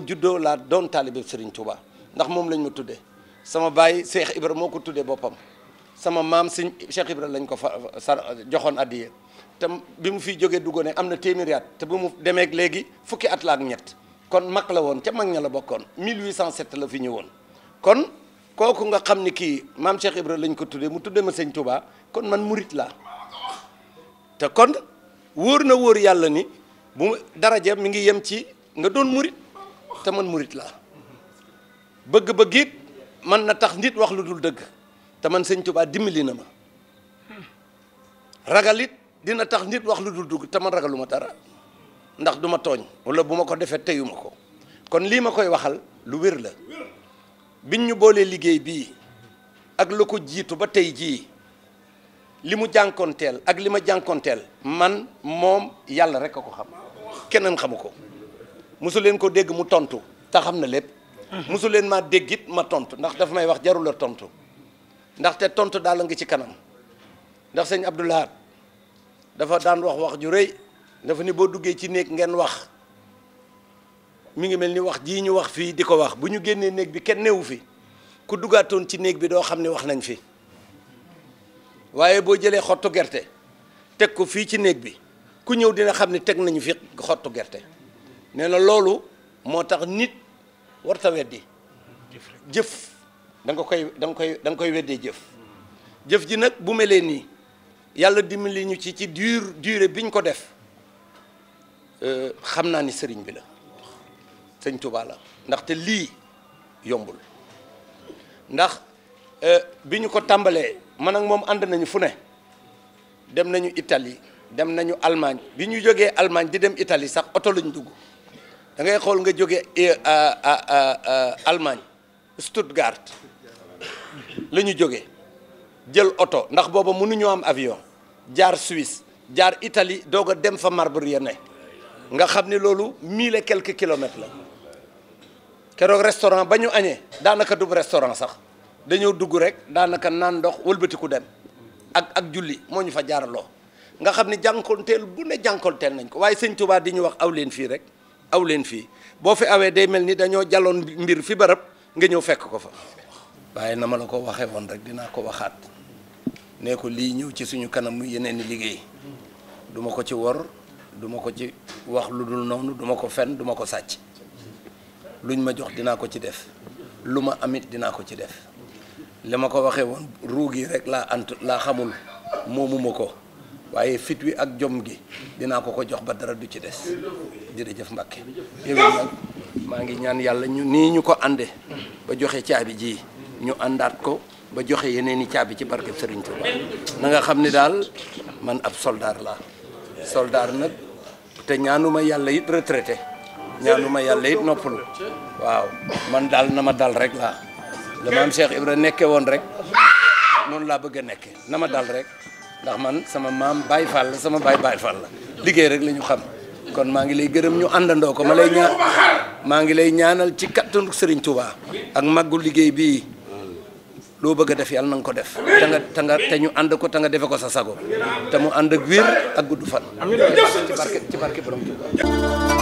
ma juddoo laa doon taalibe Serigne Touba ndax moom lañ ma tuddee sama baay Cheikh Ibra moo ko tuddee boppam sama maam Serigne Cheikh Ibra lañ ko fa sa joxoon addiye te bi mu fiy jógee duggoon am na téeméeri te bu mu demee léegi fukki at laa ak ñett kon mag la woon ca mag ña la bokkoon mille cent 1807 la fi ñëw woon kon kooku nga xam ni kii maam Cheikh Ibra lañ ko tuddee mu tuddee ma Serigne Touba kon man murit laa te kon wóor na wóor yàlla ni bu daraja mi ngi yem ci nga doon murit te man murit laa bëgg-bëgg man na tax nit wax lu dul dëgg te man sëñ Tuubaa dimbali na ma ragal dina tax nit wax lu dul dugg te man ragaluma dara ndax duma tooñ wala bu ma ko defee teyuma ko kon lii ma koy waxal lu wér la biñ ñu boolee liggéey bi ak lu ko jiitu ba tey jii li mu jànkoonteel ak li ma jànkoonteel man moom yàlla rek a ko xam keneen xamu ko mosu leen ko dégg mu tontu te xam na lépp hmm. mosu leen maa dégg it ma tontu ndax dafa may wax jarul a tontu ndaxte tontu daal la ngi ci kanam ndax sëñ Abdoulahat dafa daan wax wax ju rëy dafa ni boo duggee ci néeg ngeen wax mu ngi mel ni wax jii ñu wax fii di ko wax bu ñu génnee néeg bi kenn newu fi ku duggaatoon ci néeg bi doo xam ne wax nañ fi waaye boo jëlee xottu gerte teg ko fii ci néeg bi ku ñëw dina xam ne teg nañu fi xottu gerte nee na loolu moo tax nit warta weddi jëf da koy da koy da nga koy weddee jëf jëf ji nag bu melee nii yàlla dimbali ñu ci ci dure durée biñ ko def euh, xam naa ni sëriñ bi la sëñ Tuubaa la ndaxte lii yombul ndax euh, bi ñu ko tàmbalee man ak moom ànd nañu fu ne dem nañu Italie dem nañu Allemagne bi ñu jógee Allemagne di dem itali sax oto lañ dugg da ngay xool nga jóge eh, Allemagne Stuttgart la ñu jóge jël oto ndax booba mënuñoo am avion jaar Suisse jaar itali doog dem fa Marburg ne nga xam ni loolu mille quelque quelques la keroog restaurant ba ñu añee daanaka du restaurant sax dañoo dugg rek daanaka naan ndox wëlbatiku dem ak ak julli moo ñu fa jaaraloo nga xam ni jànkonteel bu ne jànkonteel nañ ko waaye sëñ Tuubaa di ñu wax aw leen fii rek aw leen fii boo fi awee day mel ni dañoo jaloon mbir fi barab nga ñëw fekk ko fa waaye na ma la ko waxee woon rek dinaa ko waxaat ne ko lii ñëw ci suñu kanam mu yeneen i liggéey duma ko ci wor duma ko ci wax lu dul noonu duma ko fen duma ko sàcc luñ ma jox dinaa ko ci def lu ma amit dinaa ko ci def li ma ko waxee woon ruug yi rek laa ant laa xamul moomuma ko waaye fit wi ak jom gi dinaa ko ko jox ba dara du ci des jërëjëf Mbàkke yéwén nag maa ngi ñaan yàlla ñu nii ñu ko ànde ba joxe caabi ji ñu àndaat ko ba joxe yeneen i caabi ci barkeb Sëriñ Tuuba na nga xam ne daal man ab soldaar la soldaar nag te ma yàlla it retraité ma yàlla it noppalu waaw man daal na ma dal rek laa la maam Cheikh Ibra nekke woon rek noonu laa bëgg a nekke na ma dal rek ndax man sama maam baay Fall la sama baay Baye Fall la liggéey rek la ñu xam kon maa ngi lay gërëm ñu àndandoo ko ma lay ñaan maa ngi lay ñaanal ci kattanu sëriñ Touba ak maggu liggéey bii loo bëgg def yàlla na nga ko def te nga te nga te ñu ànd ko te nga defe ko sa sago te mu ànd ak wér ak gudd fan ci barke ci barke borom Touba